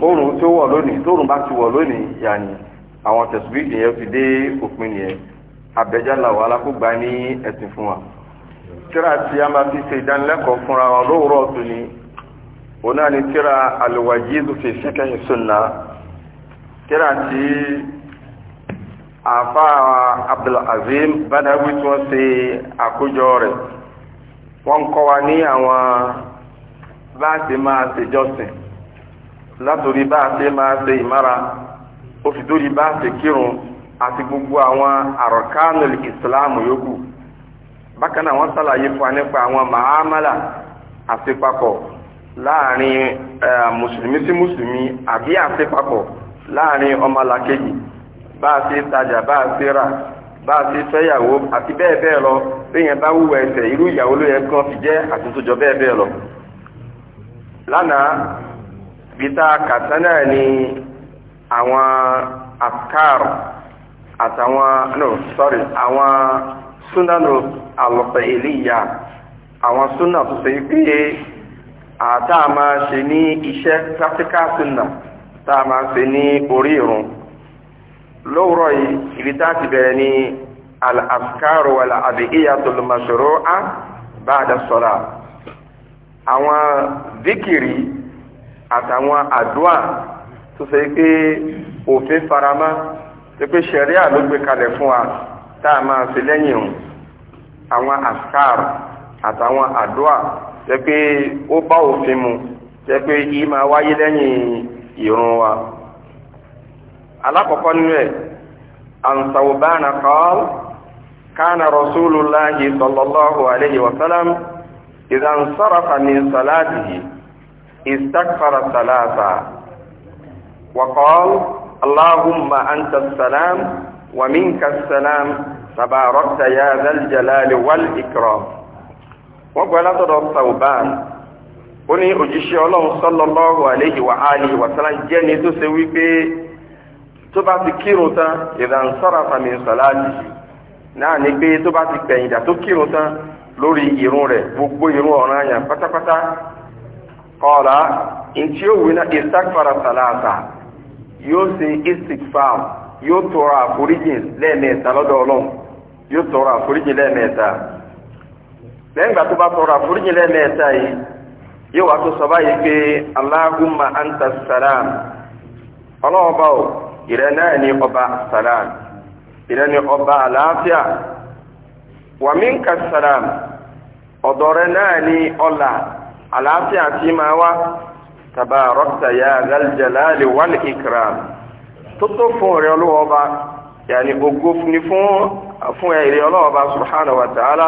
oòrùn tó wọ̀ lónìí tóòrùn bá ti wọ̀ lónìí yàní àwọn tẹ̀sùbíìkì yẹn ti dé òpin nìyẹn abẹ́jálà wà alákógbá ní ẹ̀sìn fún wa. tíra tí a máa fi ṣe ìdánilẹ́kọ̀ọ́ fúnra wọn lóòrọ̀ tó ni òun náà ni tíra al-Wajiz fi Fiqhi Sunna tíra tí àfa Abdulazim Badawi tí wọ́n ṣe àkójọ rẹ̀ wọ́n kọ́ wa ní àwọn bá máa ṣèjọ́sìn látòrí bá a ṣe máa ṣe ìmára ó fi dórí bá a ṣe kírun àti gbogbo àwọn àrọ̀kánul ìsìláàmù yòókù bákan náà wọ́n ṣàlàyé fún wa nípa àwọn màámàlà àṣepapọ̀ láàrin mùsùlùmí sí mùsùlùmí àbí àṣepapọ̀ láàrin ọmọlàkejì bá a ṣe tajà bá a ṣe rà bá a ṣe fẹ́yàwó àti bẹ́ẹ̀ bẹ́ẹ̀ lọ bẹ́yẹn bá wúwo ẹsẹ̀ irú ìyàwó ló yẹ kán fi jẹ́ àtúntò jọ bẹ́ẹ̀ bẹ́ẹ̀ lọ. lánàá bita katana ni àwọn afkar àtàwọn no sorry àwọn súnánù al-fi'liyya àwọn súnà tó ṣe pé àtà máa ṣe ní iṣẹ́ practical súnà tá a máa ṣe ní orí irun lówùrọ̀ yìí ibi tá a ti bẹ̀rẹ̀ ní al-afkar wal-adiyatul mashru'a ba'da as-salat àwọn zikiri àtàwọn àdúà tó ṣe pé òfin faramá tó pé ṣẹ̀ríà ló gbé kalẹ̀ fún wa tá a máa fi lẹ́yìn àwọn àṣkár àtàwọn àdúà tó pé ó bá òfin mu pé yìí wáyé lẹ́yìn wa. alákọ̀ọ́kọ́ nínú ẹ̀ àǹsàwòbáàna kọ́ọ́lù كان رسول استغفر ثلاثا وقال اللهم أنت السلام ومنك السلام تباركت يا ذا الجلال والإكرام وقال تدر ثوبان ó ní òjíṣẹ́ ọlọ́run sallallahu alayhi wa alihi wa sallam jẹ́ni tó ṣe wípé tó bá ti kírun tán ìdàn sarafa min salati náà ni pé tó bá ti pẹ̀yìndà tó kírun tán lórí irun rẹ̀ gbogbo irun ọ̀ranyàn pátápátá kọ́ọ̀lá ntí ó wí náà istakfara salasa yóò isik fam yóò tọrọ àforíjìn lẹ́ẹ̀mẹ́ta lọ́dọ̀ yóò tọrọ àforíjìn lẹ́ẹ̀mẹ́ta lẹ́yìn ìgbà tó bá tọrọ àforíjìn yìí yóò wá tó pé Allahumma anta salam ọlọ́wọ́ bá náà ni ọba salam ìrẹ́ ní ọba àlàáfíà wa salam ọ̀dọ̀ rẹ náà àlàáfíà tí máa wá tabarakta ya zaljalali wal ikram tó tó fún ọ̀rẹ́ ọlọ́wọ́ ọba yàní ògo ni fún fún ẹ̀rẹ́ ọlọ́wọ́ ọba subhanahu wa ta'ala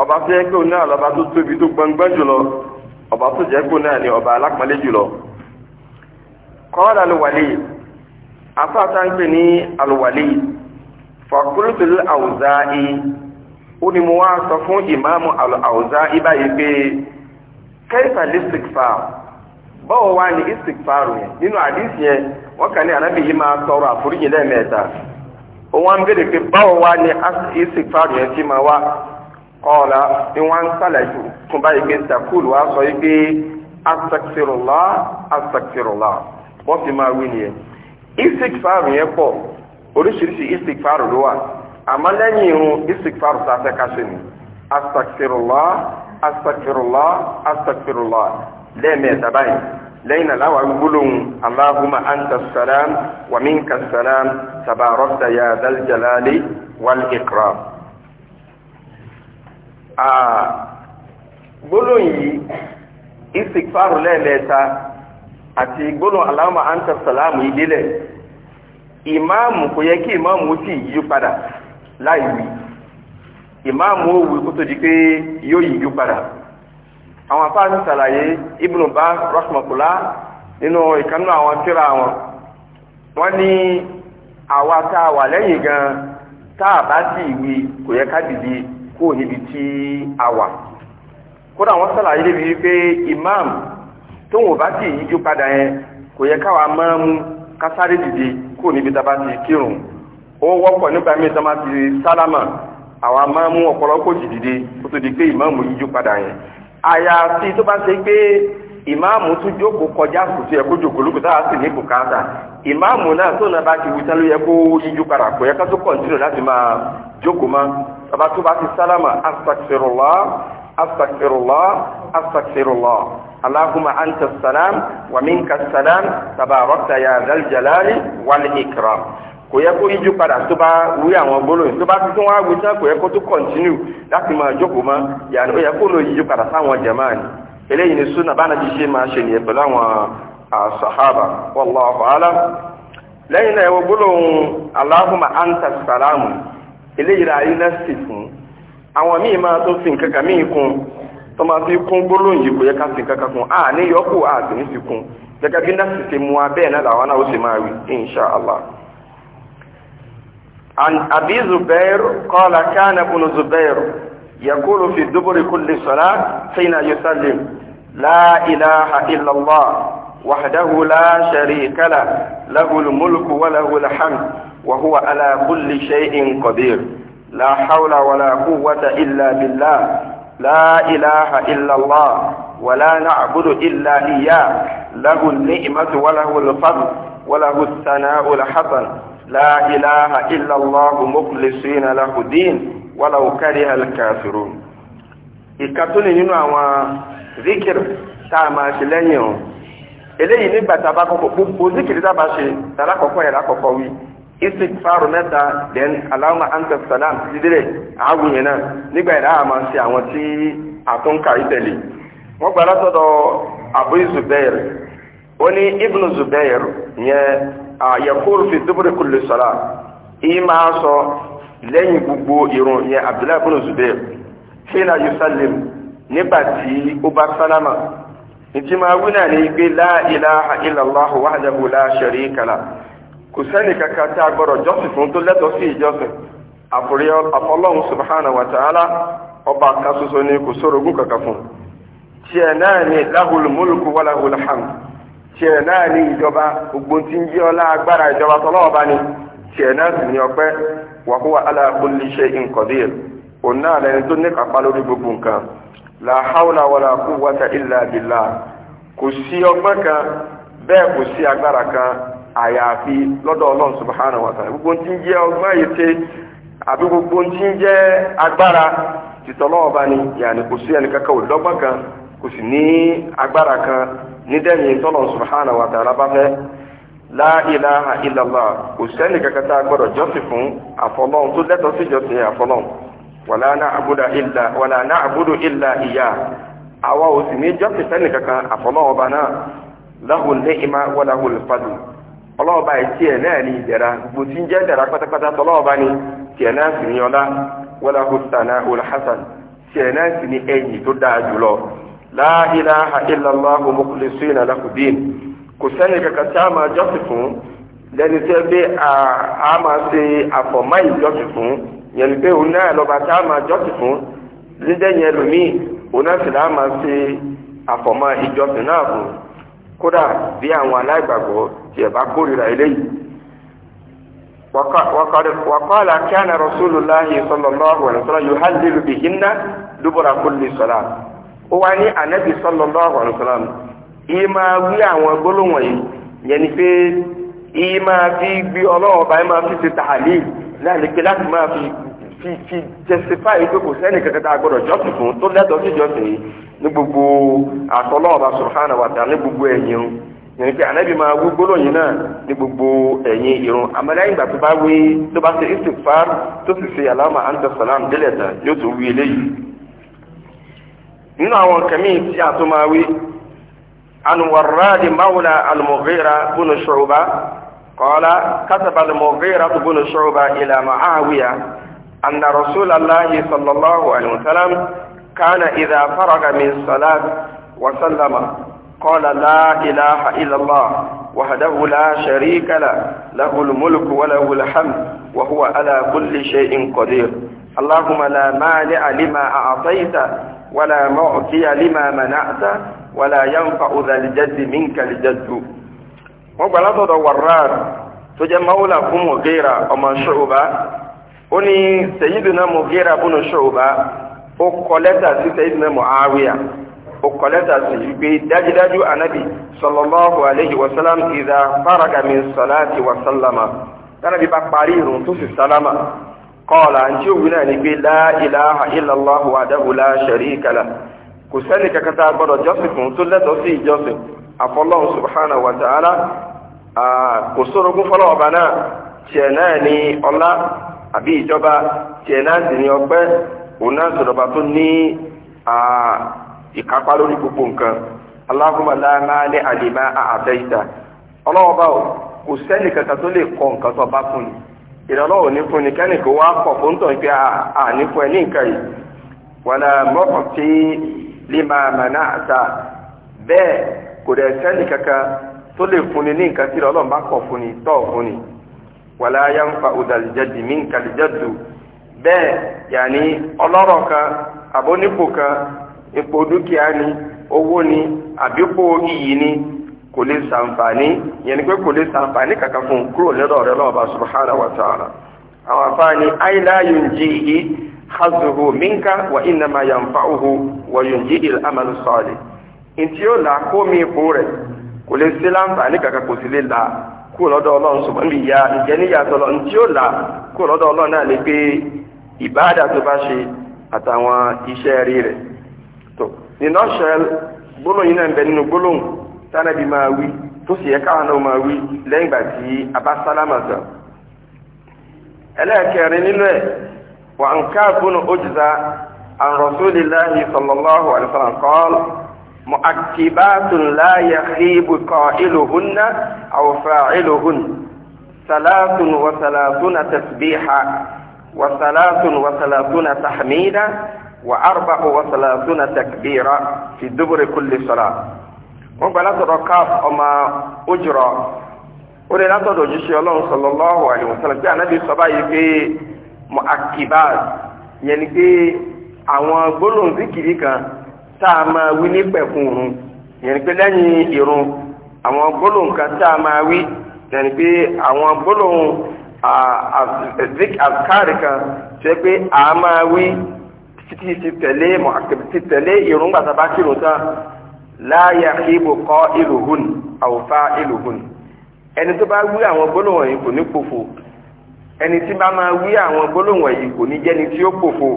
ọba tó yẹ kó náà lọ́ba tó tóbi tó gbọngbọ́n jùlọ ọba tó jẹ́ kó náà ni ọba alápọ̀nlé jùlọ. kọ́ọ̀dà lùwàlì afáàtà ń pè ní àlùwàlì fàkúrútù àwùzá i ó ní mo wá sọ fún ìmáàmù àwùzá i báyìí pé kaifa listigfar báwo wá ní istigfar yẹn nínú àdìs yẹn wọ́n kàn ní anábì yìí máa tọrọ àforíjì lẹ́ẹ̀mẹ́ta òun á ń bèrè pé báwo wá ní istigfar yẹn ti máa wá kọ́ọ̀la ni wọ́n ń sàlàyé fún báyìí pé sakul wa sọ yìí pé asakirula asakirula wọ́n fi máa wí nìyẹn istigfar astaghfirullah astaghfirullah lẹ́ẹ̀mẹ́ta báyìí lẹ́yìn aláwa gbólóhùn aláhùmá anta salam wa minka salam tabarọ́ta ya daljalali wal ikram. gbólóhùn yìí istikfaru lẹ́ẹ̀mẹ́ta àti gbólóhùn aláhùmá anta salam yìí délẹ̀ ìmáàmù kò yẹ kí ìmáàmù ó sì yí padà láì wí ìmáàmù òwú kó tó di pé yóò yíjú padà àwọn afáàní sàlàyé ibùdó bá rọ́ṣmọ̀kùlá nínú ìkànnì àwọn tíra wọn wọ́n ní àwa tá a wà lẹ́yìn gan tá a bá sì wí kò yẹ ká dìde kó níbi tí a wà kódà wọ́n sàlàyé débi wípé ìmáàmù tóun ò bá sì yíjú padà yẹn kò yẹ káwa máa mú kásáré dìde kó níbi tá a bá ti kírun ó wọ́pọ̀ nígbà míì tó máa ti sálámà àwọn amáàmú ọ̀pọ̀lọpọ̀ jì dìde kó tó di pé ìmáàmù yíjú padà yẹn àyàfi tó bá ṣe pé ìmáàmù tún jókòó kọjá sùtú yẹ kó jókòó lóko tá a sì ní bùkátà ìmáàmù náà tó nàbá ti wí sálú yẹ kó yíjú padà kó yẹ ká tó kọ̀ǹtínú láti máa jókòó má bàbá tó bá ti sálámà astaghfirullah astaghfirullah astaghfirullah. اللهم أنت السلام ومنك السلام تباركت يا ذا الجلال kò yẹ kó yíjú padà tó bá wí àwọn gbólóyìn tó bá ti tún wá wí tán kò yẹ kó tún kọ̀ntínú láti máa jókòó mọ́ yàrá ó yẹ kó lóò yíjú padà sáwọn ni eléyìí ni súnà bá nàbí ṣe máa ṣe nìyẹn pẹ̀lú àwọn sàhábà wallahu alam lẹ́yìn náà ẹ̀wọ̀ gbólóhùn Allahumma anta sàlámù eléyìí ra ayé náà sì fún àwọn míì máa tó fi nǹkan míì kún tó máa fi kún gbólóhùn yìí kò عن أبي زبير قال كان ابن زبير يقول في دبر كل صلاة حين يسلم لا إله إلا الله وحده لا شريك له له الملك وله الحمد وهو على كل شيء قدير لا حول ولا قوة إلا بالله لا إله إلا الله ولا نعبد إلا إياه له النعمة وله الفضل وله الثناء الحسن لا إله إلا الله مخلصين له الدين ولو كره الكافرون ìkàtúnì nínú àwọn zikir tá a máa ṣe lẹ́yìn o eléyìí nígbà tá a bá kọ́kọ́ gbogbo zikiri tá a bá ṣe kọ́kọ́ yẹn lákọ̀ọ́kọ́ wí mẹ́ta then alama anta salam dídílẹ̀ àwùyẹn náà nígbà yẹn láà máa ṣe àwọn tí àtúnkà yìí tẹ̀lé wọ́n gbà látọ̀dọ̀ Abu Zubair ó ní Ibn Zubair yẹn yakuru fi duburi kulli sala iye máa sọ lẹ́yìn gbogbo irun yẹn abdullahi bin zubair hina yusallim nígbà tí ó bá sálámà ìtì máa wí náà ní pé la ilaha illallah wahdahu la sharika lah kò sẹ́ni kankan tá a gbọ́dọ̀ jọ́sìn fún tó lẹ́tọ̀ọ́ sí ìjọsìn àfòrí ọlọ́run subhanahu wa ta'ala ọba kan ṣoṣo ni kò sórogún kankan fún tiẹ̀ náà ni lahul mulku tiẹ̀ náà ní ìjọba gbogbo tí ń yí ọlá agbára ìjọba tọ́lọ́ọ̀bá ni tiẹ̀ náà sì ní ọpẹ́ wa huwa ala kulli shay'in qadir òun náà lẹni tó ní kápá lórí gbogbo nǹkan la hawla wala quwwata illa billah kò sí ọgbọ́n kan bẹ́ẹ̀ kò sí agbára kan àyàfi lọ́dọ̀ ọlọ́run subhanahu wa ta'ala gbogbo tí ń jẹ́ ọgbọ́n yìí ṣe àbí gbogbo tí ń jẹ́ agbára tìtọ́lọ́ọ̀bá ni yàní kò sì ní agbára kan nídẹ̀yìn tọ́lọ̀ subhanahu wa ta'ala bá fẹ́ la ilaha illallah kò sẹ́ni kankan tá a gbọ́dọ̀ jọ́sìn fún àfọlọ́hún tó lẹ́tọ̀ọ́ sí jọ́sìn àfọlọ́hún wàlá náà àbúdó ìlà ìyá àwa ò sì ní jọ́sìn sẹ́ni kankan àfọlọ́hún ọba náà lahul ni'ma wa lahul fadl ọlọ́ọ̀ba yìí tiẹ̀ náà ní ìdẹ̀ra gbogbo tí ń jẹ́ dẹ̀ra pátápátá tọ́lọ́ọ̀ba ni tiẹ̀ náà sì ní ọlá wa lahus sana'ul hasan tiẹ̀ náà sì ní ẹ̀yìn tó dáa jùlọ la ilaha illallah mukhlisina lahu din kò sẹ́ni kankan tí a máa jọ́sìn fún lẹ́ni tẹ́ bí a máa ṣe àfọ̀mọ́ ìjọ́sìn fún yẹn pé òun náà lọ́ba tí a máa jọ́sìn fún lídẹ́ yẹn lómi òun náà sì láà ṣe àfọ̀mọ́ ìjọ́sìn náà fún kódà bí àwọn aláìgbàgbọ́ tiẹ̀ bá kórìíra eléyìí. وقال كان رسول الله صلى الله عليه وسلم يهلل بهن دبر كل صلاه ó wá ní anabi sallallahu alaihi wasallam yìí máa wí àwọn gbólóhùn yìí yẹn ni pé yìí máa fi gbé ọlọ́wọ́ báyìí máa fi ṣe tàhálì láti pé láti máa fi fi fi jẹsifá yìí pé kò sẹ́ni kankan tá a gbọ́dọ̀ jọ́sìn fún tó lẹ́tọ̀ọ́ sí jọ́sìn yìí ní gbogbo àtọ́lọ́ọ̀bá subhanahu wa ta'ala ní gbogbo ẹ̀yìn yẹn pé anabi máa wú gbólóyìn náà ní gbogbo ẹ̀yìn irun amẹ́lẹ́yìn ìgbà tó bá wí tó bá salam délẹ̀ tán yóò tún nínú àwọn nǹkan míì tí a tó máa wí anuwaradi mawla almughira bunu shu'ba qala kataba almughira bunu shu'ba ila muawiya anna rasulallahi sallallahu alaihi wasallam kana idha faraga min salat wa sallama قال لا إله إلا الله وحده لا شريك له له الملك وله الحمد وهو على كل شيء قدير اللهم لا مانع لما أعطيت ولا معطي لما منعت ولا ينفع ذا الجد منك الجد وبلغ وراد تجا مولى كم غيرا وما شعبا أني سيدنا مغيرة بن شعبا أقلت سيدنا معاوية أقلت سيدنا دجدج النبي صلى الله عليه وسلم إذا فرغ من صلاة وسلم كان بيبقى قرير تسي السلامة kọ́ọ̀lá tí ó wínà ní pé la ilaha illallah wahdahu la sharika lah kò sẹ́ni kankan tá a gbọ́dọ̀ jọ́sìn fún tó lẹ́tọ̀ọ́ sí ìjọsìn àfọlọ́hùn subhanahu wa ta'ala kò sórogún fọlọ́wọ́ bá náà tiẹ̀ náà ní ọlá àbí ìjọba tiẹ̀ náà sì ní ìrọ̀lọ́wọ̀ ní fún ní kẹ́nìkó wá pọ̀ fún tó ń pẹ́ à ní fún ẹ ní nǹkan yìí wọ́n mọ́kàn tí lè máa mà náà ta bẹ́ẹ̀ kò dẹ̀ sẹ́ni kankan tó lè fún ni ní nǹkan tí ìrọ̀lọ́ bá pọ̀ fún ni tọ́ fún ni wọ́n yá ń fa òdàlìjẹ́dì mí nkàlìjẹ́dù bẹ́ẹ̀ yàní ọlọ́rọ̀ kan àbónípò kan ipò dúkìá ni owó ni àbípò iyì ni kò lè sàǹfààní yẹn ni pé kò lè sàǹfààní kankan fún kúrò lọ́dọ̀ rẹ̀ lọ́wọ́ bá subhanahu wa ta'ala àwọn afáàní àyílá yunjihi hazuhu minka wa innama yanfa'uhu wa yunjihi al-amalu salih ntí yóò là kó mi ipò rẹ̀ kò lè sí láǹfààní kankan kò sì lè là kúrò lọ́dọ̀ ọlọ́run sùnmọ́ mi ya ìjẹ́ níyàtọ̀ lọ ntí yóò là kúrò lọ́dọ̀ ọlọ́run náà lè pé ìbáàdà tó bá ṣe àtàwọn iṣẹ́ rí rẹ̀ tó nínú ọ̀ṣẹ́ gbólóyìn náà ń bẹ nínú gbólóhùn tánàbí máa wí tó sì yẹ káwọn náà máa wí lẹ́yìn ìgbà tí a bá sálámà tán ẹlẹ́ẹ̀kẹrin nínú ẹ̀ wà ń káàbùn òjìza an rasulillahi sallallahu alaihi wasallam qala mu'akkibatun la yakhibu qa'iluhunna aw fa'iluhunna salatun wa salatuna tasbiha wa salatun wa salatuna tahmida wa arba'u wa salatuna takbira fi duburi kulli salat wọ́n gba látọ̀dọ̀ káf ọmọ ojúrọ̀ ó lè látọ̀dọ̀ ojúṣe ọlọ́run sallallahu alaihi wasallam pé ànábì sọ báyìí pé mọ àkìbá yẹn ni pé àwọn gbólóhùn síkìrì kan tá a máa wí ní pẹ̀kun òrun yẹn ni pé lẹ́yìn ìrun àwọn gbólóhùn kan tá a máa wí yẹn ni pé àwọn gbólóhùn àkárì kan ṣe pé a máa wí títí ti tẹ̀lé ìrun gbàtà bá kírun tán láàyà kíbo kọ́ ìlúhùn àwòfá ìlúhùn ẹni tó bá wí àwọn gbólóhùn yìí kò ní pòfo ẹni tí bá máa wí àwọn gbólóhùn yìí kò ní jẹ́ni tí ó pòfo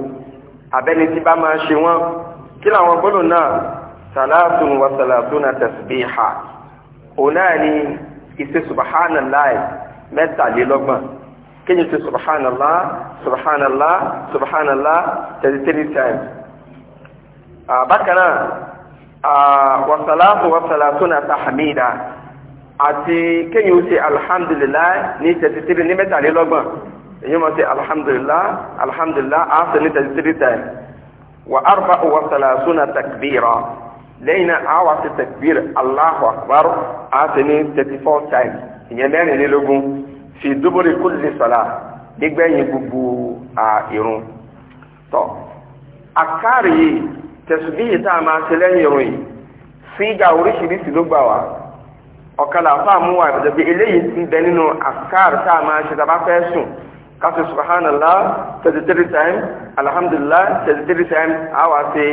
àbẹ́ni tí bá máa ṣe wọ́n kí làwọn gbólóhùn náà sàlátùn wa sàlátùn àtẹ̀síbíhà òun náà ni ìṣe subhanallah mẹ́tàlélọ́gbọ̀n kéèyàn ṣe subhanallah subhanallah subhanallah thirty three times àbákanáà. Ah, wasalatu wasalatu na tahamida àti kéyìn ó ṣe alhamdulillah ní tẹ̀sítírì ní mẹ́tàlélọ́gbọ̀n èyí mọ̀ sí alhamdulillah alhamdulillah á sọ ní tẹ̀sítírì tẹ̀ wà arba wasalatu na takbira lẹ́yìn náà á wá sí takbir Allahu akbar á sọ ní thirty four times ìyẹn mẹ́rìnlélógún fi duburi kulli salah nígbẹ̀yìn gbogbo ìrun tọ́ àkárì tẹ̀sùbíyì tá a máa ṣe lẹ́yìn ìròyìn sígà oríṣiríṣi ló gbà wá ọ̀kan làáfàá mú wa ìbẹ̀dẹ̀ bí eléyìí ti bẹ nínú àkàr tá a máa ṣe tá fẹ́ sùn ká subhanallah thirty three times alhamdulillah thirty three times a wá ṣe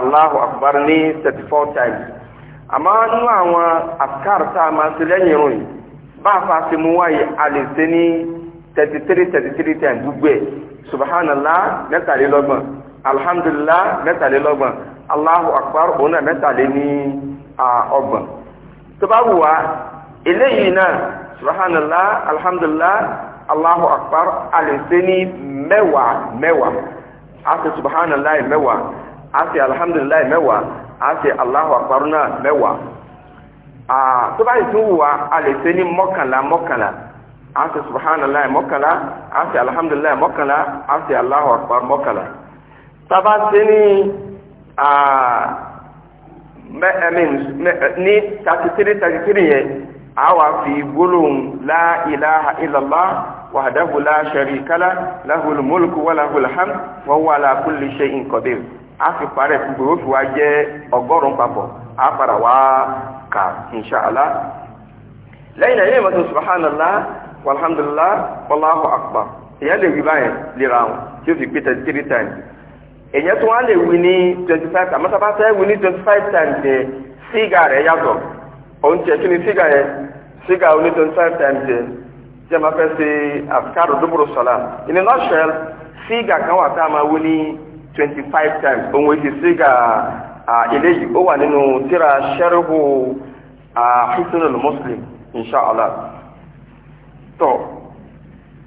allahu akbar ní thirty four times àmọ́ nínú àwọn àkàr tá a máa ṣe lẹ́yìn ìròyìn bá a fa ṣe mú wa yìí a lè ṣe ní thirty three thirty three times gbogbo ẹ̀ subhanallah mẹ́tàlélọ́gbọ̀n. alhamdulilah mẹ́tàlélọ́gbọ̀n allahu akbar òun náà mẹ́tàlé ní ọgbọ̀n tó bá wù wá eléyìí náà subhanallah alhamdulillah allahu akbar alẹ́sẹ́ ní mẹ́wàá mẹ́wàá a subhanallah mẹ́wàá a sì mẹwa mẹ́wàá a sì allahu akbar náà mẹ́wàá tó bá yìí tún wù wá alẹ́sẹ́ ní mọ́kànlá mọ́kànlá a subhanallah mọ́kànlá a sì alhamdulilah mọ́kànlá a sì allahu mọ́kànlá. tàbá sí ní ní thirty three thirty three yẹn a wà fi gbólóhùn la ilaha illallah wahdahu la sharika lah lahul mulku wa lahul hamd wa huwa ala kulli shay'in qadir a fi parẹ́ gbogbo ó fi wá jẹ́ ọgọ́rùn-ún papọ̀ a fara wá kà inṣàlá lẹ́yìn náà yẹ́n mọ́tò subhanallah walhamdulillah wallahu akbar ìyá lè wí báyẹn lè ra wọn tí ó fi pé thirty three èyàn tó wá lè wí ní twenty five times àmọ́tàbá fẹ́ wí ní twenty five times yẹn sígà rẹ̀ yàtọ̀ òun tiẹ̀ kí ni sígà yẹn sígà oní twenty five times yẹn tí a máa fẹ́ ṣe àfikàrò dúbòrò sọ̀la in a nutshell sígà kan wà tá a máa wí ní twenty five times òun èyí sígà eléyìí ó wà nínú tíra sẹ́rìhù Hisnul Muslim insha Allah tó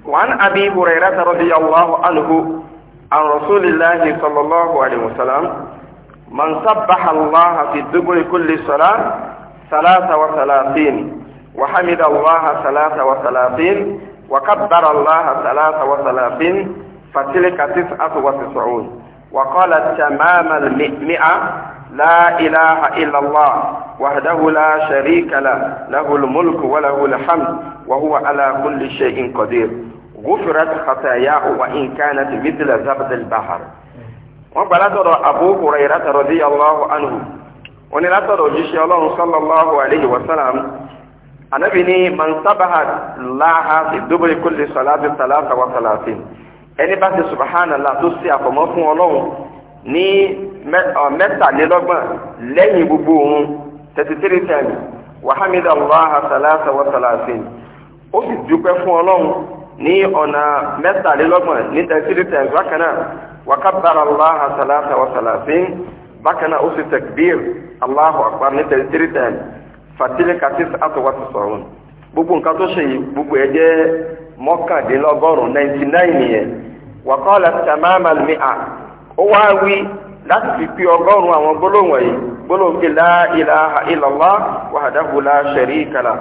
wàhán Abi Hurairah radiyallahu anhu. عن رسول الله صلى الله عليه وسلم من سبح الله في دبر كل صلاة ثلاثة وثلاثين وحمد الله ثلاثة وثلاثين وكبر الله ثلاثة وثلاثين فتلك تسعة وتسعون وقال تمام المئة لا إله إلا الله وحده لا شريك له له الملك وله الحمد وهو على كل شيء قدير غفرت خطاياه وإن كانت مثل زبد البحر wọ́n gbà látọ̀dọ̀ Abu Hurairah radiyallahu anhu wọ́n ní látọ̀dọ̀ òjíṣẹ́ ọlọ́run sallallahu alayhi wa sallam anabi ni man sabaha laha fi dubri kulli salati salasa wa salatin ẹni bá ti subhanallah tó ṣe àfọ̀mọ́ fún ọlọ́run ní mẹ́tàlélọ́gbọ̀n lẹ́yìn gbogbo òun thirty three times wa hamida salasa wa salatin ó sì dúpẹ́ fún ọlọ́run ní ọ̀nà mẹ́tàlélọ́gbọ̀n ní tẹ̀sírí tẹ̀sí bákan aláha sàlátà wa sàlàfín bákan ó sì tẹ̀kbír aláhu akbar ní tẹ̀sírí tẹ̀sí fatili sọ̀rọ̀ gbogbo nǹkan tó ṣe yìí gbogbo ẹ̀ jẹ́ mọ́kàndínlọ́gọ́rùn-ún ninety nine yẹn mi à ó fi ọgọ́rùn-ún àwọn gbólóhùn wọ̀nyí la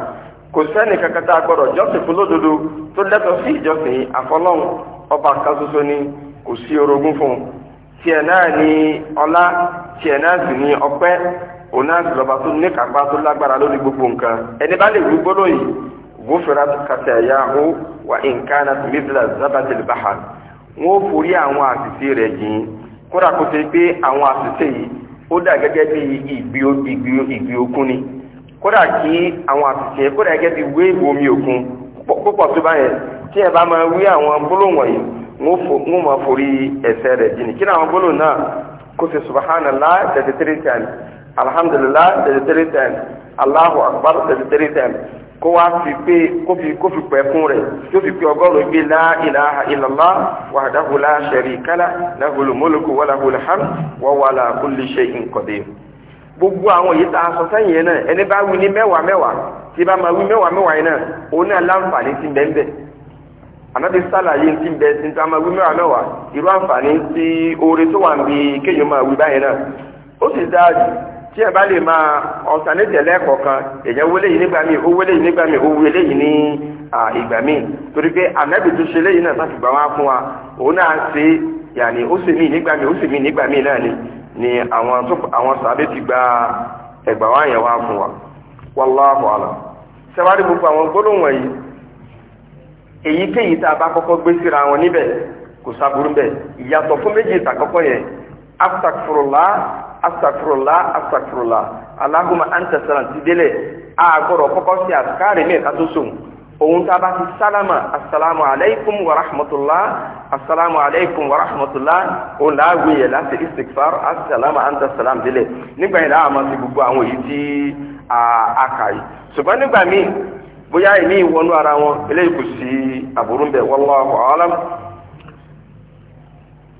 kò sẹ́ni kankan tá a gbọ́dọ̀ jọ́sìn fún lódodo tó lẹ́tọ̀ sí ìjọsìn àfọlọ́hún ọba kan ni kò sí orogún fún un tiẹ̀ náà ni ọlá tiẹ̀ náà sì ni ọpẹ́ òun náà sì lọ́ba tó ní kápá tó lágbára lórí gbogbo nǹkan ẹni bá lè wí gbọ́dọ̀ yìí kàtà ẹ̀yà hó wà nǹkan wọn ò forí àwọn àṣìṣe kódà kí àwọn àṣìṣe kódà gẹ́gẹ́ bí wéèbù omi òkun púpọ̀ tó bá yẹn tí ẹ bá máa wí àwọn gbólóhùn wọ̀nyí wọ́n máa forí ẹ̀ṣẹ̀ rẹ̀ jìnnì kí ni àwọn gbólóhùn náà kó ṣe subhanallah thirty three times alhamdulillah thirty three times allahu akbar thirty three times kó wá fi pé kó fi kó fi pẹ́ kún rẹ̀ tó fi pé ọgọ́rùn-ún gbé la ilaha illallah wahdahu la sharika lah lahul mulku wa lahul hamd wa huwa gbogbo àwọn yìí tá a sọ sẹ́yìn yẹn náà ẹni bá wí ní mẹ́wàá mẹ́wàá tí bá máa wí mẹ́wàá mẹ́wàá yẹn náà òun náà láǹfààní ti bẹ́ẹ̀ bẹ́ẹ̀ ànábi sálàyé ti bẹ́ẹ̀ sí tá a máa wí mẹ́wàá mẹ́wàá irú àǹfààní tí oore tó wà ń bi kéèyàn máa wí báyẹn náà ó sì dáa jù tí ẹ bá lè máa ọ̀sán ní kọ̀ọ̀kan èèyàn wọlé yìí nígbà míì ó wọlé yìí nígbà míì ó wọlé yìí ní ìgbà míì torí pé ànábì tó ṣe léyìn náà láti gbà wá fún wa òun náà ṣe yàní ó sì mí nígbà míì ó sì mí nígbà míì náà ni ni àwọn sàbẹ ti gba ẹgbà wa yẹn wá wa wallahu ala sẹwárí gbogbo àwọn gbólóhùn wọ̀nyí èyíkéyìí tá a bá kọkọ gbé síra wọn níbẹ̀ kò sábúrú bẹ ìyàtọ̀ fún méjì ìtàkọ́kọ́ yẹn astagfirullah astagfirullah astagfirullah Allahumma anta salam ti délẹ̀ àgọ́rọ̀ kọ́kọ́ sí tó òun tá a bá ti sálámà asalaamu aleykum wa rahmatulah asalaamu aleykum wa rahmatulah òun là á wuyẹ láti istikfar asalaamu anta salam délé nígbà yẹn láàmú sí gbogbo àwọn èyí tí a yìí ṣùgbọ́n nígbà míì bóyá èmi ìwọnú ara wọn eléyìí kò sí àbúrú ń bẹ wallahu a'lam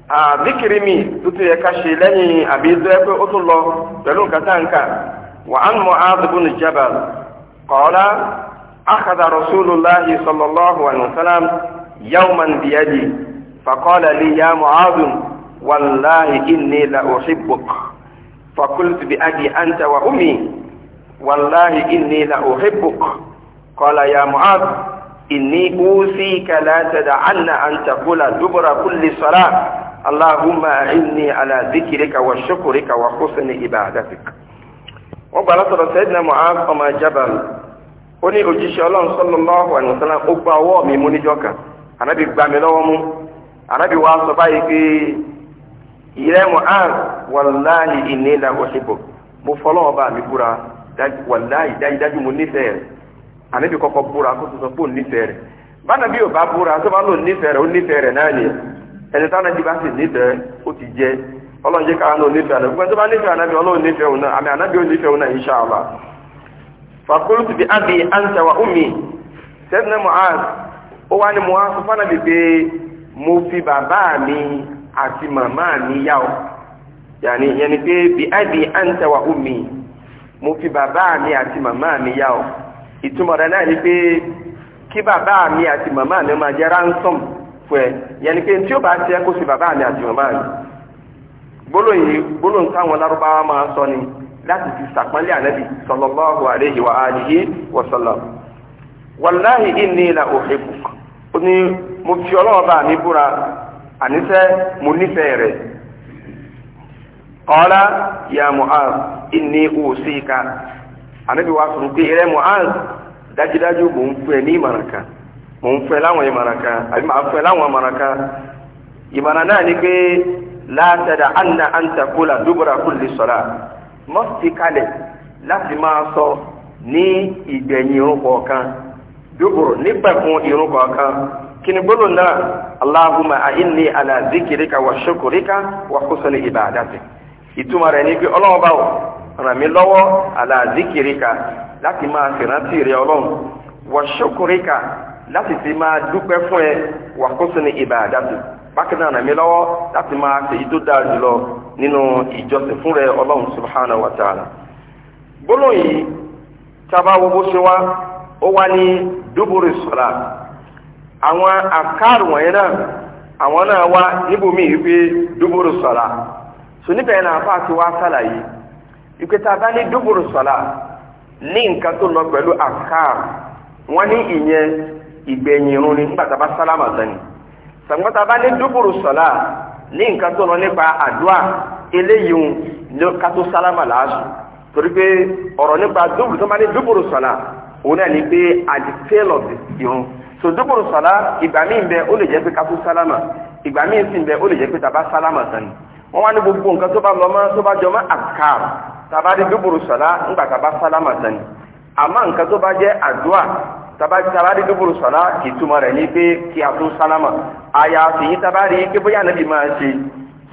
àbíkiri mi tuntun yẹ ká ṣe lẹ́yìn àbí ìdúrẹ́ pé ó tún lọ pẹ̀lú nǹkan tá à ń kà wa an Mu'adh ibn Jabal qala. أخذ رسول الله صلى الله عليه وسلم يوما بيدي فقال لي يا معاذ والله إني لا أحبك، فقلت بأبي أنت وأمي والله إني لا أحبك، قال يا معاذ إني أوصيك لا تدعن أن تقول دبر كل صلاة اللهم أعني على ذكرك وشكرك وحسن عبادتك وقال سيدنا معاذ وما جبل ó ní òjíṣẹ́ ọlọ́run sallallahu alaihi wasallam ó gba mo fọlọ́wọ́ bá mi búra wàláhì dájúdájú mo nífẹ̀ẹ́ rẹ̀ ànábì kọ́kọ́ búra kó tó sọ pé ò nífẹ̀ẹ́ rẹ̀ bánàbí ò bá búra tó bá lò nífẹ̀ẹ́ rẹ̀ ó nífẹ̀ẹ́ rẹ̀ náà ẹni bá sì nífẹ̀ẹ́ ó ti náà nífẹ̀ẹ́ rẹ̀ fakultu bi abi anta wa umi sẹ́dínà mu'az ó wá ní mu'az fana bi pé mo fi bàbá mi àti màmá mi yá o yàní yẹn pé bi abi anta wa umi mo fi bàbá mi àti màmá mi yá o ìtumọ̀ rẹ̀ náà ni pé kí bàbá mi àti màmá mi máa jẹ́ ransom fún ẹ yẹn ni pé tí ó bá ti ẹ kó sí bàbá mi àti màmá mi gbólóyìn gbólóyìn táwọn lárúbáwá máa sọ ni. láti fi sàpọ́nlé ànábì bi alayhi wa alihi wa sallam wallahi inni la uhibbuk mo fi mi búra àníṣe mo nífẹ̀ẹ́ rẹ̀ qala ya Mu'az inni usika ànábì wa sọ̀rọ̀ pé ẹ̀rẹ́ Mu'az dájúdájú mò ń fún ní ìmọ̀ràn kan mò ń fún láwọn ìmọ̀ràn kan àbí màá fún láwọn ìmọ̀ràn kan ìmọ̀ràn náà ni la an taqula dubura mọ́sítì kalẹ̀ láti máa ni ní ìgbẹ̀yìn irun kọ̀ọ̀kan dúbùrù nígbàkún irun kọ̀ọ̀kan kini gbolo naa allahumma a inni ala wa shukurika wa husni ibadati ìtumọ̀ rẹ̀ ni pé ọlọ́run bá wọ̀ ràn mí lọ́wọ́ ala zikirika láti máa ṣèrántí rẹ ọlọ́run wa shukurika láti ti máa dúpẹ́ fún ẹ wa husni ibadati. bákan na nàmi lọ́wọ́ láti máa ṣèyí tó dáa jùlọ nínú ìjọsìn fún rẹ ọlọ́run subhanahu wa ta'ala. gbólóhùn yìí tábà wo ṣe wá ó wá ní dúbúrú sọ̀rọ̀ àwọn àkáàrù wọ̀nyẹn náà àwọn náà wá na wípé dúbúrú sọ̀rọ̀ so náà fáà ti wá sálàyé ìpè bá ní dúbúrú sọ̀rọ̀ ní nǹkan tó lọ pẹ̀lú ni nígbà tá a bá sálámà sàmúkọ́tà bá ní dúbùrù sọ̀lá ní nǹkan tó lọ nípa àdúrà eléyìí ló ká tó sálámà láàṣù torí pé ọ̀rọ̀ nípa dúbùrù tó bá ní dúbùrù sọ̀lá òun náà ní pé so dúbùrù sọ̀lá ìgbà míì bẹ ó lè jẹ́ pé ká tó sálámà ìgbà míì sì lè jẹ́ pé ni wọ́n wá ní gbogbo nǹkan tó bá lọ mọ́ tó bá jọ mọ́ àkàr ní dúbùrù sọ̀lá ńgbà sálámà tán tabari duburu sọ̀lá kì í túmọ̀ rẹ̀ ní pé kí a tó sálámà àyà àfihì tabari kí bóyá nàbí máa ṣe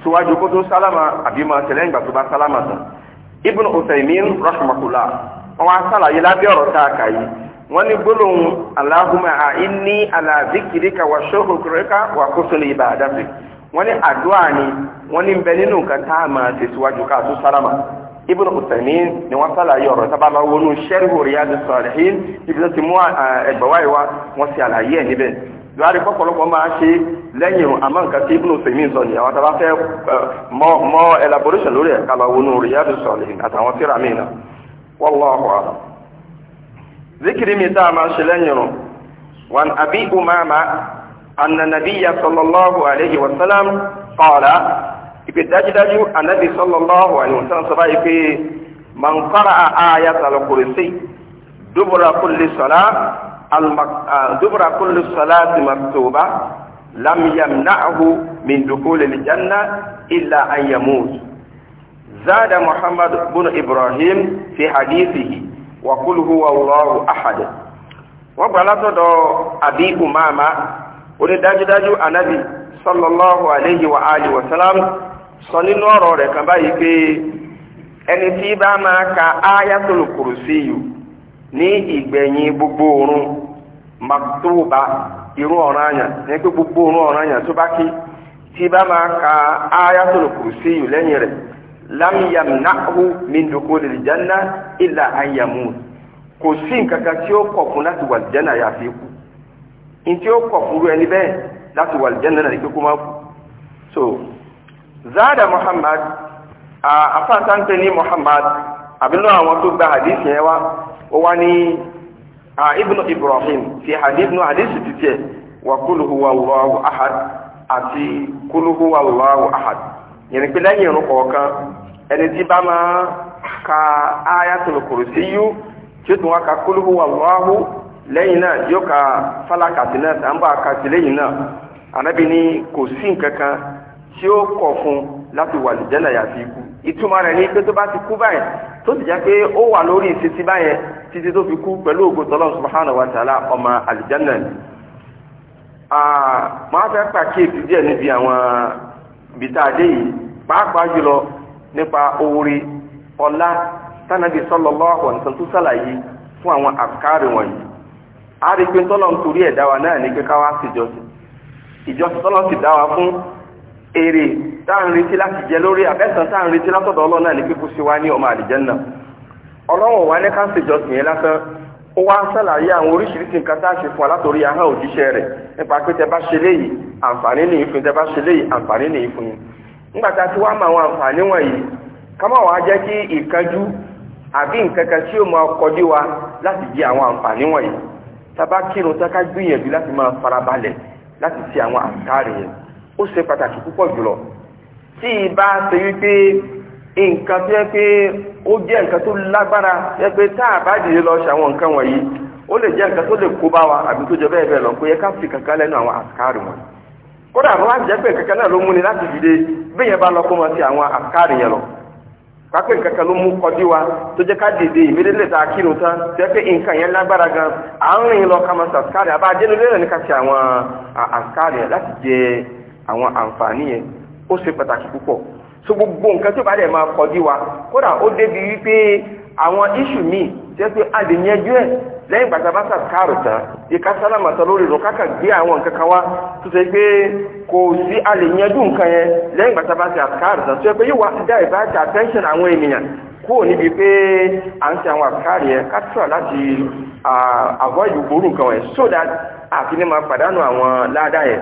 síwájú kó tó sálámà àbí máa ṣe lẹ́yìn ìgbà tó bá sálámà tán Ibn rahmatullah wọn wá sàlàyé lábẹ́ ọ̀rọ̀ tá a kà yìí wọ́n ní gbólóhùn Allahumma a'inni ala zikirika wa shukrika wa husni ibadatik wọ́n aduani, àdúrà ni wọ́n ní bẹ nínú nǹkan tá a máa ibn Uthaymeen ni wọ́n sàlàyé ọ̀rọ̀ sábà máa wọnú sẹ́ríhù Riyadus Salihin ibi tó ti mú ẹgbẹ̀wá ìwá wọ́n sì àlàyé ẹ̀ níbẹ̀ lórí pọ̀pọ̀lọpọ̀ máa ṣe lẹ́yìn àmọ́ nǹkan tí ibn Uthaymeen sọ nìyàwó fẹ́ mọ elaboration lórí ẹ̀ka lọ wọnú Riyadus Salihin àtàwọn tíra mi náà wallahu a'lam. zikiri mi tá a máa ṣe lẹ́yìn rùn wọn àbí ìpè dájúdájú anabi sallallahu alaihi wasallam sọ báyìí pé man qara'a ayatal kursi dubura kulli salat ah, dubura kulli salati maktuba lam yamna'hu min dukulil janna illa an yamut زاد محمد بن إبراهيم في حديثه وقل هو الله أحد وبلغت أبي أمامة ولدجدج النبي صلى الله عليه وآله وسلم sọ nínú ọ̀rọ̀ rẹ̀ kan báyìí pé ẹni tí bá máa ka sí kursiyu ní ìgbẹ̀yìn gbogbo oorun maktuba irun ọ̀rọ̀ àyàn ní pé gbogbo oorun anya àyàn tó bá kí tí bá máa ka ayatul kursiyu lẹ́yìn rẹ̀ kò sí nǹkan kan tí ó kọ̀ fún láti wà àyàfi ní tí ó kọ̀ fún ẹni zada muhammad a afáàtàǹtẹ̀ ní muhammad àbínú àwọn tó gba hadith yẹn wá ó wá ní ibnu ibrahim ti hadith nu hadith títẹ̀ wà kúlùhù wà lọ́wọ́ ahad àti kúlùhù wà lọ́wọ́ ahad yẹn pé lẹ́yìn irun kọ̀ọ̀kan ẹni tí bá máa ka ayatul kursiyu tí ó tún wá ka kúlùhù wà lọ́wọ́ lẹ́yìn náà yóò ka fálákàtì náà tàǹbà kàtì lẹ́yìn náà ànábì ní kò sí nǹkan tí ó kọ̀ fún láti wà lìjẹ́nà yàtí ikú ìtumọ̀ rẹ̀ ní pé tó bá ti kú báyìí tó sì jẹ́ pé ó wà lórí ìṣesí báyẹn títí tó fi kú pẹ̀lú ògùn tọ́lọ́ subhanahu wa ta'ala ọmọ àlìjẹ́nà ni. máa fẹ́ pàkíyèsí díẹ̀ níbi àwọn bìtá adé yìí pàápàá jùlọ nípa oore ọlá tánàbí sallallahu alaihi wasallam tó sàlàyé fún àwọn àkárì wọ̀nyí. a rí pé tọ́lọ́ ń torí ẹ̀dá wa náà ní kíkáwá sí ìjọsìn ìjọsìn tọ́lọ́ sì dá wa fún èrè táà ń retí láti jẹ lórí àbẹ́sàn táà ń retí látọ̀dọ̀ ọlọ́run náà ní kíkú wa ní ọmọ àlìjẹ́nà ọlọ́run wa ní káńsì ìjọsìn yẹn lásán ó wá a ṣe fún wa látòrí ahọ́n òjíṣẹ́ rẹ̀ nípa pé tẹ bá ṣe léyìí àǹfààní nìyí fún tẹ bá ṣe léyìí àǹfààní nìyí fún yín nígbà tá a ti wá mọ àwọn àǹfààní wọ̀nyí ká jẹ́ kí ìkanjú àbí nǹkan kan tí máa kọjú wa láti àwọn àǹfààní wọ̀nyí tá a bá ó se pàtàkì púpọ̀ jùlọ tí ìbá ṣe wípé nǹkan tó yẹ pé ó jẹ́ nǹkan tó lágbára yẹ pé tá a bá dìde lọ ṣe àwọn nǹkan wọ̀nyí ó lè jẹ́ nǹkan tó lè kó bá wa àbí tó jọ bẹ́ẹ̀ bẹ́ẹ̀ lọ ka yẹ ká fi kankan lẹ́nu àwọn àkárì wọn kódà àwọn àjẹpẹ́ kankan náà ló múni láti dìde bẹ́yẹn bá lọ kó mọ sí àwọn àkárì yẹn lọ pápẹ́ ló mú kọjú wa tó jẹ́ ká dìde ta kírun tán pé nǹkan yẹn lágbára gan à ń rìn lọ ká mọ sí àbá àwọn àǹfààní yẹn ó ṣe pàtàkì púpọ̀ so gbogbo nǹkan tó bá dẹ̀ máa kọjú wa kódà ó débi wípé àwọn iṣu míì jẹ́ pé a lè yanjú ẹ̀ lẹ́yìn gbàtà bá sàkárò tán ìka sálámà tán lórí ìrùn kákà gbé àwọn nǹkan kan wá tó ṣe pé kò sí a lè yanjú nǹkan yẹn lẹ́yìn gbàtà bá sàkárò tán tó ṣe pé yóò wá dá ìbá àti attention àwọn ènìyàn kúrò níbi pé à ń ṣe àwọn àkárì yẹn kátúrà láti avoid gbogbo nǹkan yẹn so that àfi ní máa pàdánù àwọn ládàá yẹn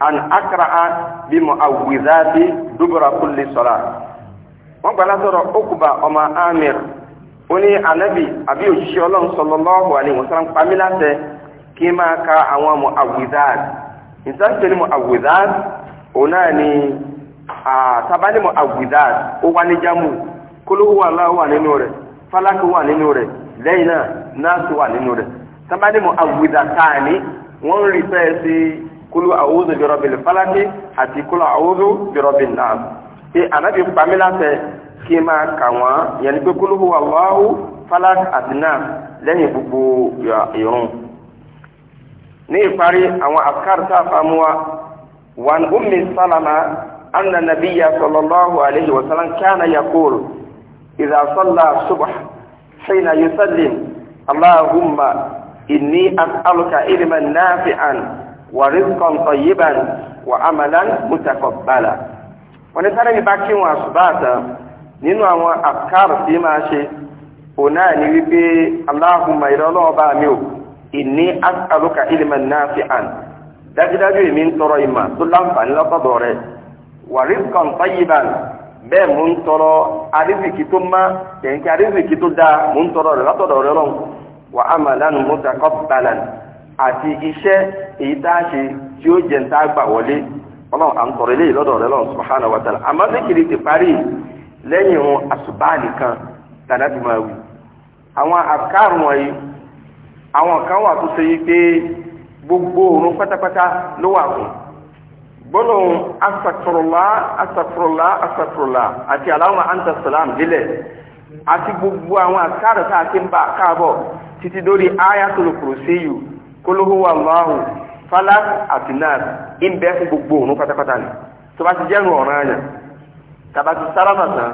an akra'a bi mu'awwidhati dubra kulli salat wọ́n gbala sọrọ okuba ọmọ amir ó ní anabi àbí òṣìṣẹ́ ọlọ́run sallallahu alaihi wasallam pamílàṣẹ kí máa ka àwọn mu'awwidhat ìsáṣẹ́ ni mu'awwidhat òun náà ni àtàbálẹ̀ mu'awwidhat ó wá ní jámù kul huwa Allahu wà nínú rẹ̀ fálákì wà nínú rẹ̀ lẹ́yìn náà náà sì wà nínú rẹ̀ tàbálẹ̀ mu'awwidhatani wọ́n kulu awudu birọbili falaki àti kulu awudu birọbili naam ṣe anabi pamela fẹ kí n máa kà wọn yẹn pé kulu hu alahu falaki àti naam lẹ́yìn gbogbo irun ní ìparí àwọn afkar tá a famu wa wan ummi salama anna nabiya sallallahu alayhi wa sallam kana yaqul idha salla subh hina yusallim allahumma inni as'aluka ilman nafi'an. ورزقا طيبا وعملا متقبلا wọ́n sáré ní bá kí wọn àṣùbáàtà nínú àwọn àkàrù tí máa ṣe òun náà ní wípé aláhùnmá ìrọlọ́ọ̀bá mi ò ìní asàlùkà ilman nafi'an dájúdájú èmi ń tọrọ ìmọ̀ tó láǹfààní lọ́sọ̀dọ̀ rẹ̀ wa rizqan bẹ́ẹ̀ mò ń tọrọ arísìkì tó má kẹ̀kẹ́ arísìkì tó dáa mò ń tọrọ rẹ̀ lọ́sọ̀dọ̀ rẹ̀ lọ́wọ́ wa amalan mutaqabbalan àti iṣẹ́ èyí tá a ṣe tí ó jẹ́ tá a gbà wọlé ọlọ́run à ń tọrọ eléyìí lọ́dọ̀ rẹ lọ́run subhanahu wa ta'ala àmọ́ zikiri ti parí lẹ́yìn ohun àṣùbá nìkan dàdá ti máa wù àwọn àkàrùn wọ̀nyí àwọn kan wà tó ṣe yí pé gbogbo òun pátápátá ló wà fún gbólóhùn astaghfirullah astaghfirullah astaghfirullah àti allahumma anta salam lílẹ̀ àti gbogbo àwọn àkàrùn tá a ti ń bá káàbọ̀ títí lórí ayatul kursiyu kólóhùwà máàhùn falak àti náà ń bẹ fún gbogbo òun pátápátá ni tó bá ti jẹ́nu ọ̀ràn àyàn tàbá ti sálámà tán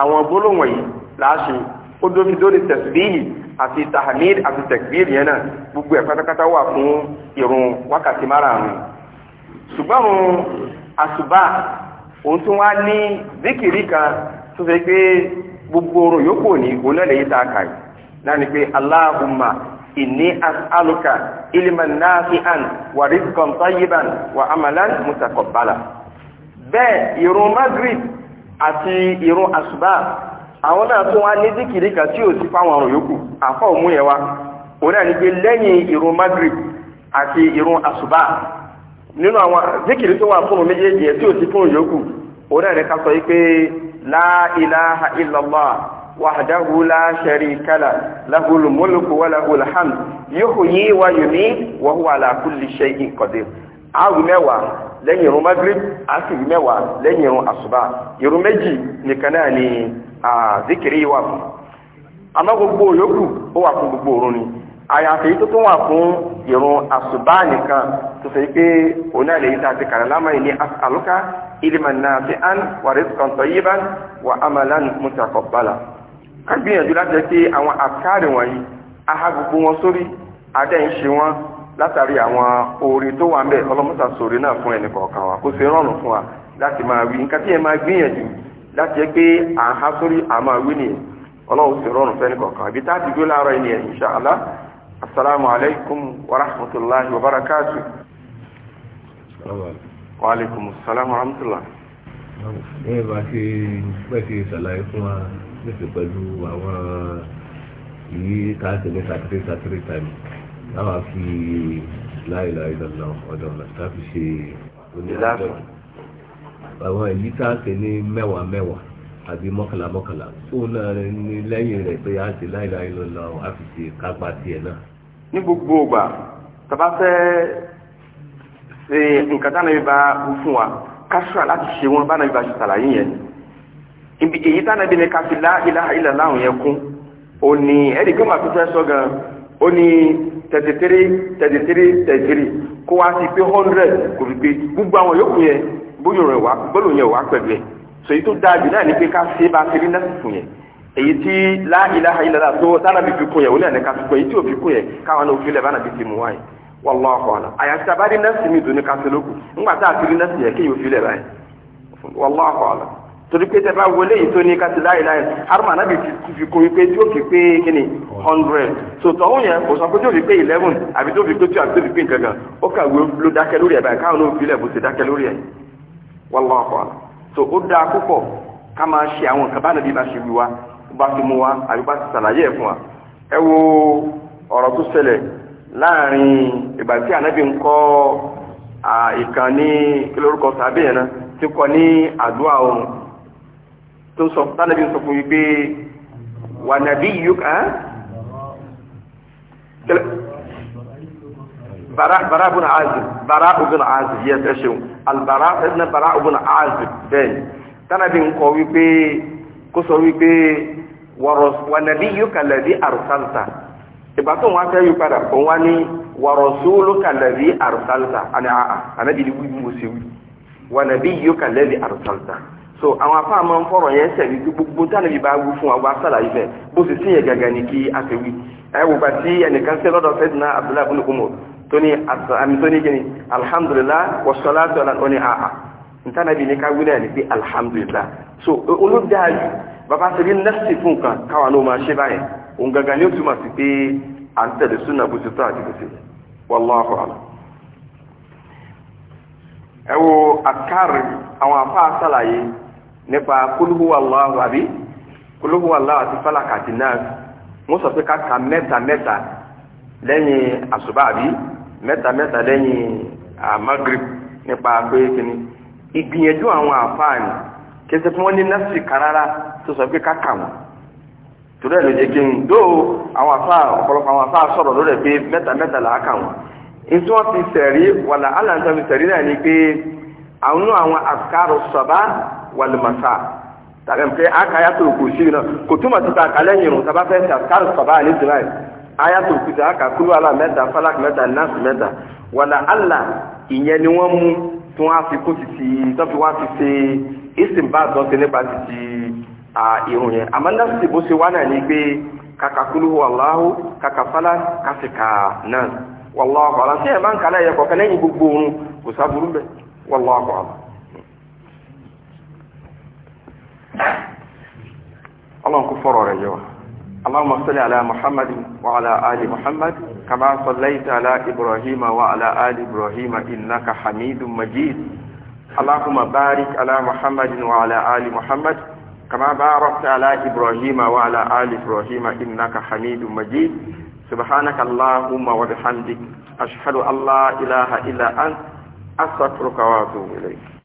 àwọn gbólóhùn yìí láṣe ó dóbi dóni tẹ̀síbíyì àti tahmid àti tẹ̀kbíyì yẹn náà gbogbo ẹ̀ pátápátá wà fún ìrun wákàtí márààrún ṣùgbọ́n àṣùbà òun tún wá ní zikiri kan tó fẹ́ pé gbogbo orun yòókù ní òun náà lè yí ta kàì náà ni pé Allahumma inni as'aluka ilman nafi'an wa rizqan tayyiban wa amalan mutaqabbala bẹ́ẹ̀ ìrun magrib àti ìrun irun asuba náà tún ni ní díkìrí kan tí ò sí fáwọn ọ̀rọ̀ yòókù àfọ́ òmú yẹn wa òun náà ní pé lẹ́yìn ìrun magrib àti ìrun àsùbá nínú àwọn díkìrí tó wà fún méjèèjì tí ò o fún yòókù òun náà ní ká sọ yìí la ilaha illallah وحده لا شريك له له الملك وله الحمد يحيي ويميت وهو على كل شيء قدير awu mẹ́wàá lẹ́yìn irun magrib asiri mẹ́wàá lẹ́yìn irun asuba irun méjì nìkan náà ni zikiri wà fún àmọ́ gbogbo yòókù ó wà fún gbogbo òrun ni àyàfi tó tún wà fún irun asuba nìkan tó fẹ́ pé òun náà lè yí tá a ti kàrà lámà yìí ní aluka ilman nafi'an wa rizqan tayyiban wa amalan mutaqabbala. a gbìyànjú láti jẹ́ pé àwọn àkáàrí wọ̀nyí aha gbogbo wọn sórí adẹ́ ṣe wọn látàrí àwọn oore tó wà ń bẹ̀ ọlọ́mọ́sà náà fún ẹnì kọ̀ọ̀kan wa kó rọrùn fún wa láti máa wí nǹkan tí yẹn máa gbìyànjú láti jẹ́ pé à ń sórí à máa wí nìyẹn ọlọ́run rọrùn fún ẹnì kọ̀ọ̀kan wa wa wa ẹ bá ṣe bẹ́ẹ̀ ṣe ṣàlàyé fún wa níṣe pẹ̀lú àwọn yìí tá a ṣe ní sátírì sátírì tàìmù láwa fi láìláì lọ́nà ọ̀dọ̀ tá a fi ṣe onílàfọ̀ àwọn èyí tá a ṣe ní mẹ́wàá mẹ́wàá àbí mọ́kànlá mọ́kànlá tó náà ní lẹ́yìn rẹ̀ pé a ṣe láìláì lọ́nà a fi ṣe kápá tiẹ̀ náà. ní gbogbo ògbà tàbá fẹ́ ṣe nǹkan tánà yóò bá fún wa kásúrà láti ṣe wọn bá nàbí bá ṣe ṣàlàyé yẹn ibi èyí tánàbí ni ká fi lá ilaha illallah yẹn kún ó ní ẹ̀rí pé màá tó fẹ́ sọ gan ó ní tẹ̀tẹ̀tẹ̀rẹ̀ tẹ̀tẹ̀tẹ̀rẹ̀ tẹ̀tẹ̀rẹ̀ kó wá sí pé hundred kò fi pé gbogbo àwọn yòókù yẹn bóyá rẹ̀ wá bọ́lù yẹn wá pẹ̀lú ẹ̀ sọ èyí tó dáa jù náà ni pé ká ṣe bá ṣe rí náà sì fún yẹn èyí tí lá ilaha illallah tó tánàbí fi kún yẹn ó ní àná ká kún yẹn èyí tí ò fi kún yẹn káwọn náà ó fi lẹ̀ wàlláhu àlà a ya rí nọ́ọ̀sì mi dùn ní kásílókù ńgbà tá a ti rí nọ́ọ̀sì yẹ kéèyàn fi lẹ̀ báyìí wàlláhu torí pé tẹ bá wọlé yìí tó ní láyé láyé fi tí ó fi pé kíni hundred so yẹn kò sọ pé tí ó fi pé eleven àbí fi pé two àbí fi pé nǹkan kan ó kà wé ló dákẹ́ lórí ẹ̀ báyìí káwọn so láàrin ìgbà tí ànábì ń kọ́ ìkan ní kí lórúkọ sàbẹ̀ yẹn náà ti kọ́ ní àdúrà òun tó sọ tánàbí sọ fún wípé wà nàbí yìí kan bara bin azib bara bin azib yes ẹ ṣeun albara ẹ̀dínà bara bin azib bẹ́ẹ̀ tánàbí ń kọ́ wípé kó sọ wípé wà nàbí yìí kan lẹ́bí àrùsáǹtà ìgbà tó wọn fẹ́ yí padà òun wá ní wàrọ̀sọ́lọ́ kàlẹ́rì àrùsálta àní àà ànábì ní wíwí mo ṣe wí wà nàbí yíyó kàlẹ́rì àrùsálta so àwọn afá máa ń fọ̀rọ̀ yẹn sẹ̀ wípé gbogbo tánà bí bá wú fún àwọn asálàyé bẹ́ẹ̀ bó sì sí yẹn gàgà ní kí a ṣe wí ẹ wò bá tí ẹnìkan ṣe lọ́dọ̀ fẹ́dínà abdullahi abúlé kò tóní àmì tóní jẹ́ni alhamdulillah wàsọ́lá tọ́lá ó ní àà ntana bi ni alhamdulillah so olu daa nafsi fun kan kawa n'o òun gangan ni ó túmọ̀ sí pé à ń tẹ̀lé súnà bó ti tó àti bó ti wallahu a'lam. ẹ wo àkàrí àwọn afá àṣàlàyé nípa kúlúhù Allahu àbí kúlúhù Allahu àti kaka mẹta mẹta wọ́n sọ abi mẹta mẹta ìgbìyànjú àwọn kí fún wọn ní torí ẹ̀ ló jẹ́ kí n dó àwọn afá ọ̀pọ̀lọpọ̀ àwọn afá sọ̀rọ̀ lórí ẹ̀ pé mẹ́ta mẹ́ta là á kà wọ́n ètò wọn ti sẹ̀rí wàlà aláǹtà fi sẹ̀rí náà ni pé àwọn náà àwọn àkàrò sọ̀bá wàlùmọ̀sà tàbí pé àkàyà tó kù sí iná kò túmọ̀ sí ta àkàlẹ́ yìí rùn tàbá fẹ́ ṣe àkàrò sọ̀bá ní tìmáì àyà tó kù sí àkà kúlú àlà mẹ́ta falak mẹ́ta nas mẹ́ta wàlà àlà ìyẹn ni wọ́n mú tí wọ́n á fi kó ti ti tó fi wá ti ṣe ìsìnbá àtọ́sí nípa ti ti irun yẹn àmọ́ nọ́ọ̀sì bó ṣe wá náà ní pé kàkà kúlú wàláhù kàkà fálá kàfíkà náà wàláhù àlá sí ẹ̀ máa ń kàlẹ́ ẹ̀yẹ kọ̀ọ̀kan lẹ́yìn gbogbo oorun kò sábúrú bẹ́ẹ̀ wàláhù àlá. اللهم كفر رجوع اللهم صل على محمد وعلى آل محمد كما صليت على إبراهيم وعلى آل إبراهيم إنك حميد مجيد اللهم بارك على محمد وعلى آل محمد كما باركت على إبراهيم وعلى آل إبراهيم إنك حميد مجيد سبحانك اللهم وبحمدك أشهد أن لا إله إلا أنت أستغفرك وأتوب إليك